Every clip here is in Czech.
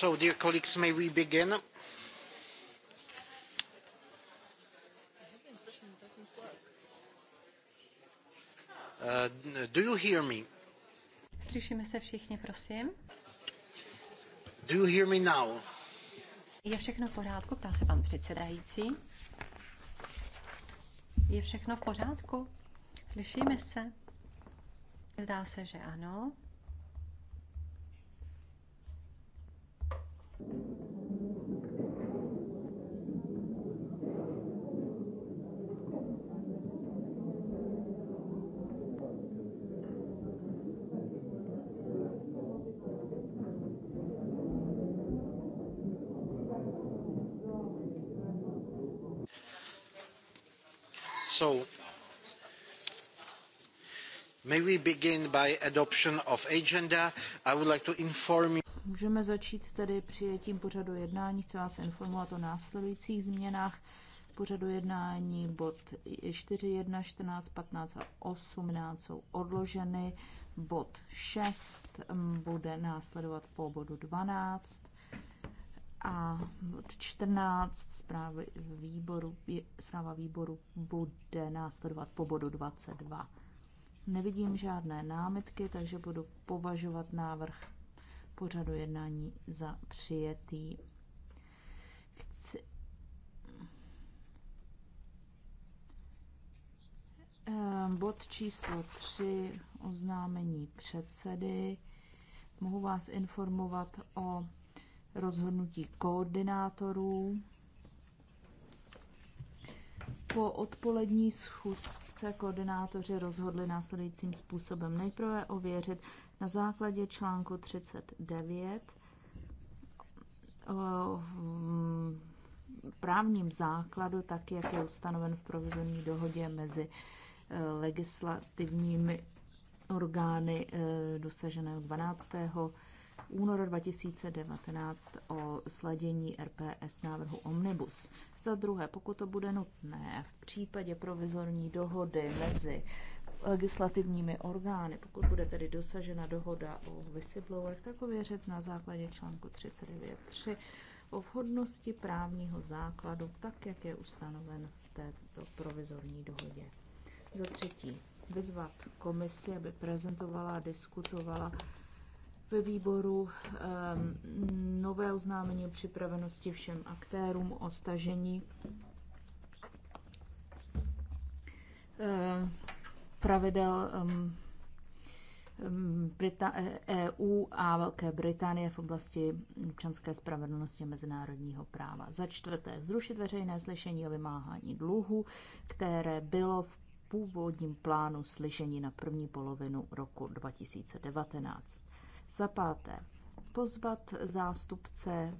So, dear colleagues, may we begin? Uh, do you hear me? Slyšíme se všichni, prosím. Do you hear me now? Je všechno v pořádku, ptá se pan předsedající. Je všechno v pořádku? Slyšíme se? Zdá se, že ano. so may we begin by adoption of agenda i would like to inform you. Můžeme začít tedy přijetím pořadu jednání. Chci vás informovat o následujících změnách pořadu jednání. Bod 4, 1, 14, 15 a 18 jsou odloženy. Bod 6 mm, bude následovat po bodu 12 a bod 14 zprávy výboru, zpráva výboru bude následovat po bodu 22. Nevidím žádné námitky, takže budu považovat návrh pořadu jednání za přijetý. Chci... Ehm, bod číslo 3, oznámení předsedy. Mohu vás informovat o rozhodnutí koordinátorů. Po odpolední schůzce koordinátoři rozhodli následujícím způsobem. Nejprve ověřit na základě článku 39 o mm, právním základu, tak jak je ustanoven v provizorní dohodě mezi e, legislativními orgány e, dosaženého 12 února 2019 o sladění RPS návrhu Omnibus. Za druhé, pokud to bude nutné, v případě provizorní dohody mezi legislativními orgány, pokud bude tedy dosažena dohoda o whistleblowerch, tak ověřit na základě článku 39.3 o vhodnosti právního základu, tak jak je ustanoven v této provizorní dohodě. Za třetí, vyzvat komisi, aby prezentovala a diskutovala ve výboru um, nové oznámení o připravenosti všem aktérům o stažení um, pravidel um, Brita- EU e a Velké Británie v oblasti občanské spravedlnosti a mezinárodního práva. Za čtvrté, zrušit veřejné slyšení o vymáhání dluhu, které bylo v původním plánu slyšení na první polovinu roku 2019. Za páté, pozvat zástupce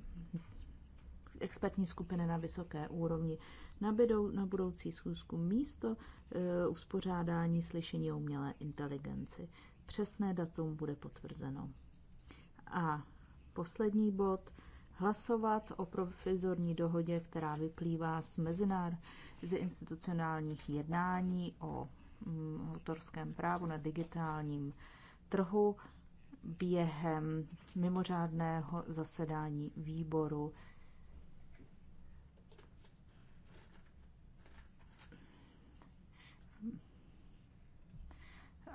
expertní skupiny na vysoké úrovni na, bydou, na budoucí schůzku místo e, uspořádání slyšení o umělé inteligenci. Přesné datum bude potvrzeno. A poslední bod, hlasovat o provizorní dohodě, která vyplývá z mezinár z institucionálních jednání o mm, autorském právu na digitálním trhu během mimořádného zasedání výboru.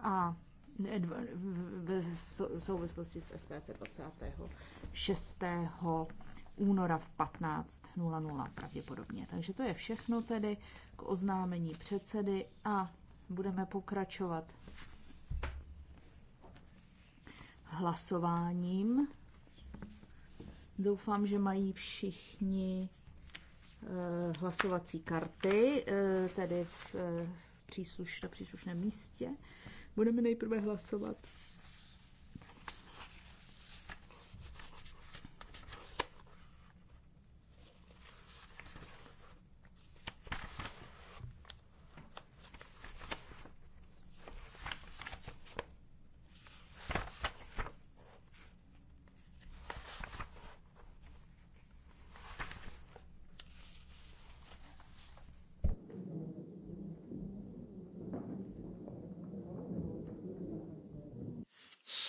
A v souvislosti s SPC 26. února v 15.00 pravděpodobně. Takže to je všechno tedy k oznámení předsedy a budeme pokračovat hlasováním. Doufám, že mají všichni eh, hlasovací karty, eh, tedy eh, v přísluš, na příslušném místě. Budeme nejprve hlasovat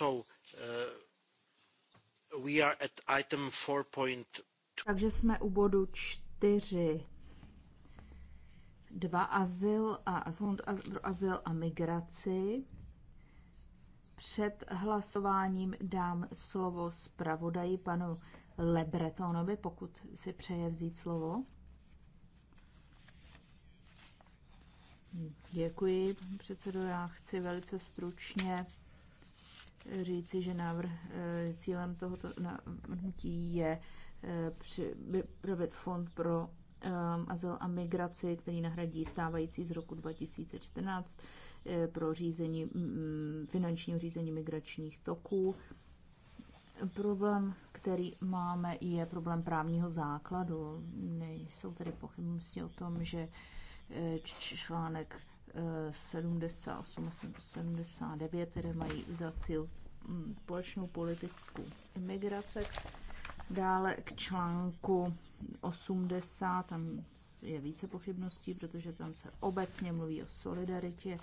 Uh, Takže jsme u bodu 4. Dva azyl a fond pro azyl a migraci. Před hlasováním dám slovo zpravodaji panu Lebretonovi, pokud si přeje vzít slovo. Děkuji, předsedo. Já chci velice stručně říci, že návrh, eh, cílem tohoto hnutí je eh, připravit fond pro eh, azyl a migraci, který nahradí stávající z roku 2014 pro řízení, mm, finančního řízení migračních toků. Problém, který máme, je problém právního základu. Nejsou tedy pochybnosti o tom, že článek 79, které mají za cíl mm, společnou politiku imigrace. Dále k článku 80, tam je více pochybností, protože tam se obecně mluví o solidaritě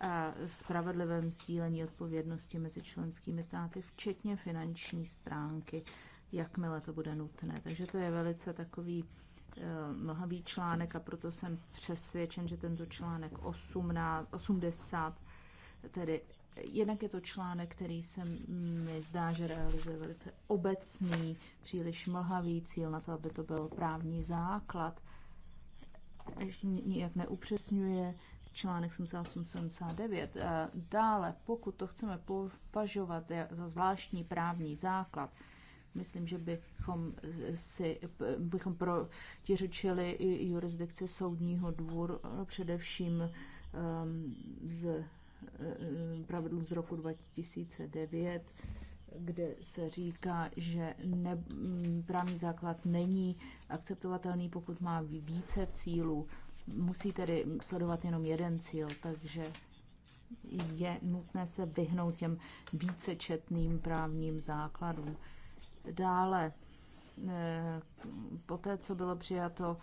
a spravedlivém sdílení odpovědnosti mezi členskými státy, včetně finanční stránky jakmile to bude nutné. Takže to je velice takový eh, mlhavý článek a proto jsem přesvědčen, že tento článek 18, 80, tedy jednak je to článek, který se mi zdá, že realizuje velice obecný, příliš mlhavý cíl na to, aby to byl právní základ. Nijak neupřesňuje článek 7879. Eh, dále, pokud to chceme považovat za zvláštní právní základ, Myslím, že bychom, si, bychom protiřečili jurisdikce soudního dvůr, no, především um, z um, pravidlům z roku 2009, kde se říká, že ne, právní základ není akceptovatelný, pokud má více cílů. Musí tedy sledovat jenom jeden cíl, takže je nutné se vyhnout těm vícečetným právním základům. Dále, eh, po té, co bylo přijato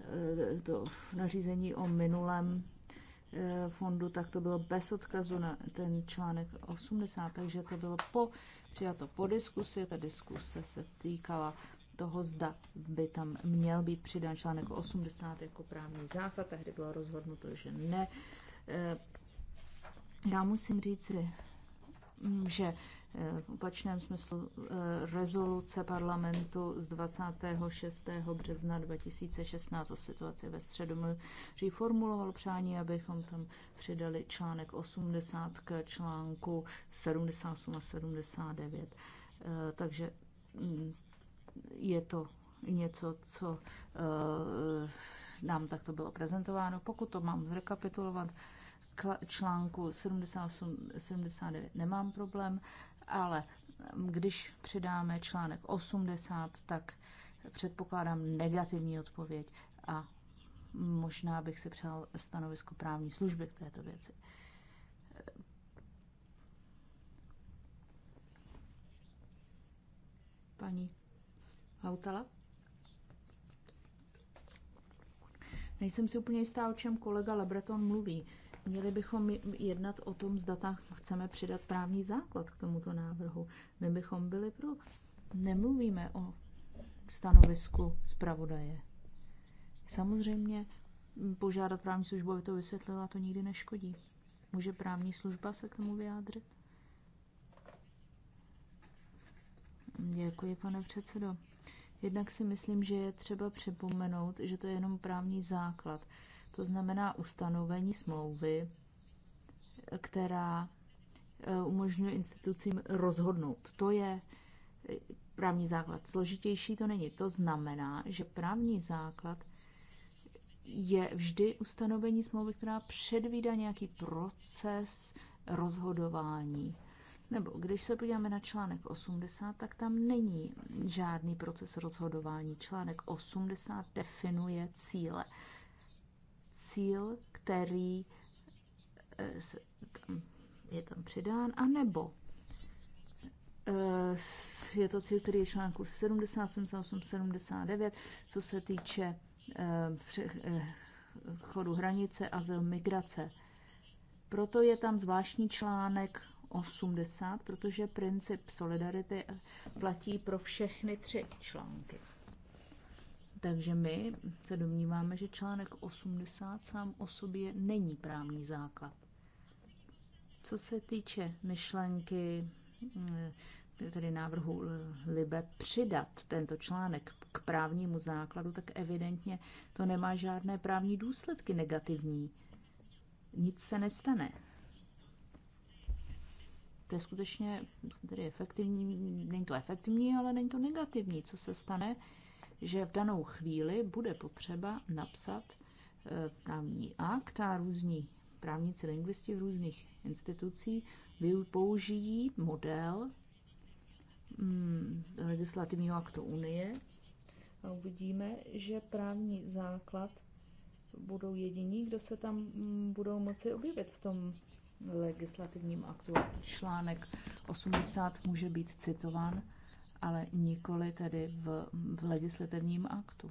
eh, to nařízení o minulém eh, fondu, tak to bylo bez odkazu na ten článek 80, takže to bylo po, přijato po diskusi. Ta diskuse se týkala toho, zda by tam měl být přidán článek 80 jako právní základ, tehdy bylo rozhodnuto, že ne. Já musím říct, že eh, v opačném smyslu eh, rezoluce parlamentu z 26. března 2016 o situaci ve Středomoří formuloval přání, abychom tam přidali článek 80 k článku 78 a 79. Eh, takže mm, je to něco, co nám takto bylo prezentováno. Pokud to mám zrekapitulovat, článku 78-79 nemám problém, ale když přidáme článek 80, tak předpokládám negativní odpověď a možná bych si přál stanovisko právní služby k této věci. Paní Hautala? Nejsem si úplně jistá, o čem kolega Lebreton mluví. Měli bychom jednat o tom, zda tam chceme přidat právní základ k tomuto návrhu. My bychom byli pro. Nemluvíme o stanovisku zpravodaje. Samozřejmě požádat právní službu, aby to vysvětlila, to nikdy neškodí. Může právní služba se k tomu vyjádřit? Děkuji, pane předsedo. Jednak si myslím, že je třeba připomenout, že to je jenom právní základ to znamená ustanovení smlouvy, která e, umožňuje institucím rozhodnout. To je e, právní základ. Složitější to není. To znamená, že právní základ je vždy ustanovení smlouvy, která předvídá nějaký proces rozhodování. Nebo když se podíváme na článek 80, tak tam není žádný proces rozhodování. Článek 80 definuje cíle cíl, který eh, je tam přidán, anebo eh, je to cíl, který je článku 78, 79, co se týče eh, chodu hranice, a migrace. Proto je tam zvláštní článek 80, protože princip solidarity platí pro všechny tři články. Takže my se domníváme, že článek 80 sám o sobě není právní základ. Co se týče myšlenky, mm, tedy návrhu Libe přidat tento článek k právnímu základu, tak evidentně to nemá žádné právní důsledky negativní. Nic se nestane. To je skutečně tedy efektivní, není to efektivní, ale není to negativní. Co se stane? že v danou chvíli bude potřeba napsat eh, právní akt a různí právníci lingvisti v různých institucí použijí model mm, legislativního aktu Unie a uvidíme, že právní základ budou jediní, kdo se tam mm, budou moci objevit v tom legislativním aktu. Článek 80 může být citován ale nikoli tedy v, v legislativním aktu.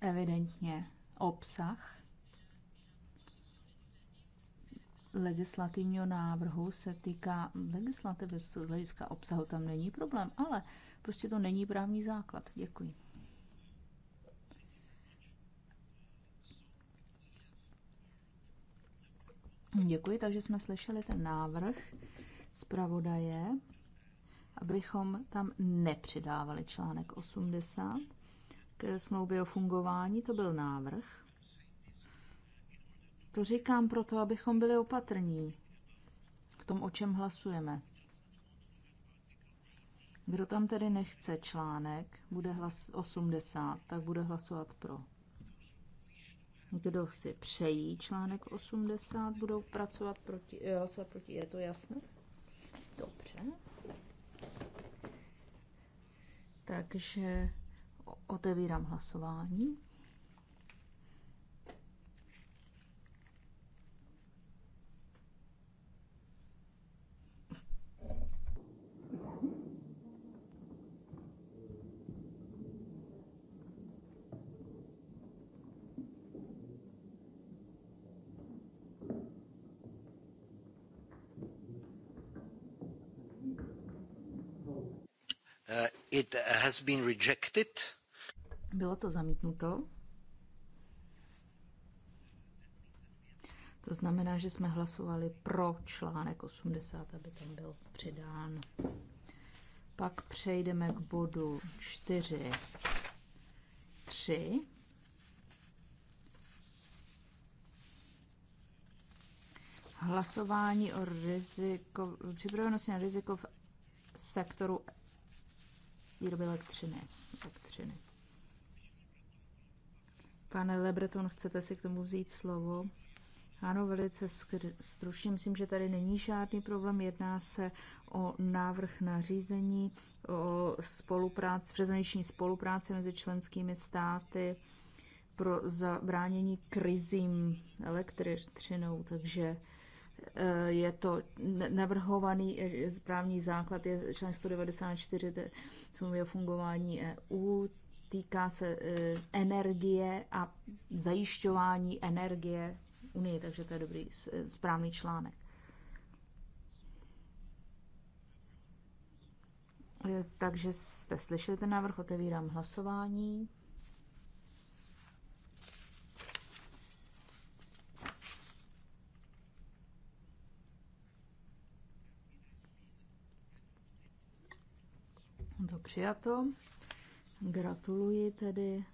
Evidentně obsah legislativního návrhu se týká legislativy z hlediska obsahu, tam není problém, ale prostě to není právní základ. Děkuji. Děkuji, takže jsme slyšeli ten návrh zpravodaje abychom tam nepřidávali článek 80 k smlouvě o fungování. To byl návrh. To říkám proto, abychom byli opatrní v tom, o čem hlasujeme. Kdo tam tedy nechce článek, bude hlas 80, tak bude hlasovat pro. Kdo si přejí článek 80, budou pracovat proti, eh, hlasovat proti. Je to jasné? Dobře. Takže otevírám hlasování. It has been rejected. Bylo to zamítnuto. To znamená, že jsme hlasovali pro článek 80, aby tam byl přidán. Pak přejdeme k bodu 4, 3. Hlasování o riziko, připravenosti na riziko v sektoru výroby elektřiny. elektřiny. Pane Lebreton, chcete si k tomu vzít slovo? Ano, velice stručně. Myslím, že tady není žádný problém. Jedná se o návrh nařízení, o spolupráci, přezraniční spolupráci mezi členskými státy pro zabránění krizím elektřinou. Takže Eh, je to navrhovaný eh, správní základ, je článek 194 smlouvy o fungování EU, týká se eh, energie a zajišťování energie unie takže to je dobrý správný článek. Takže jste slyšeli ten návrh, otevírám hlasování. přijato. Gratuluji tedy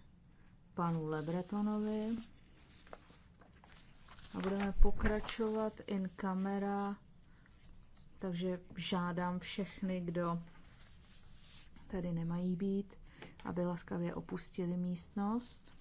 panu Lebretonovi. A budeme pokračovat in kamera, takže žádám všechny, kdo tady nemají být, aby laskavě opustili místnost.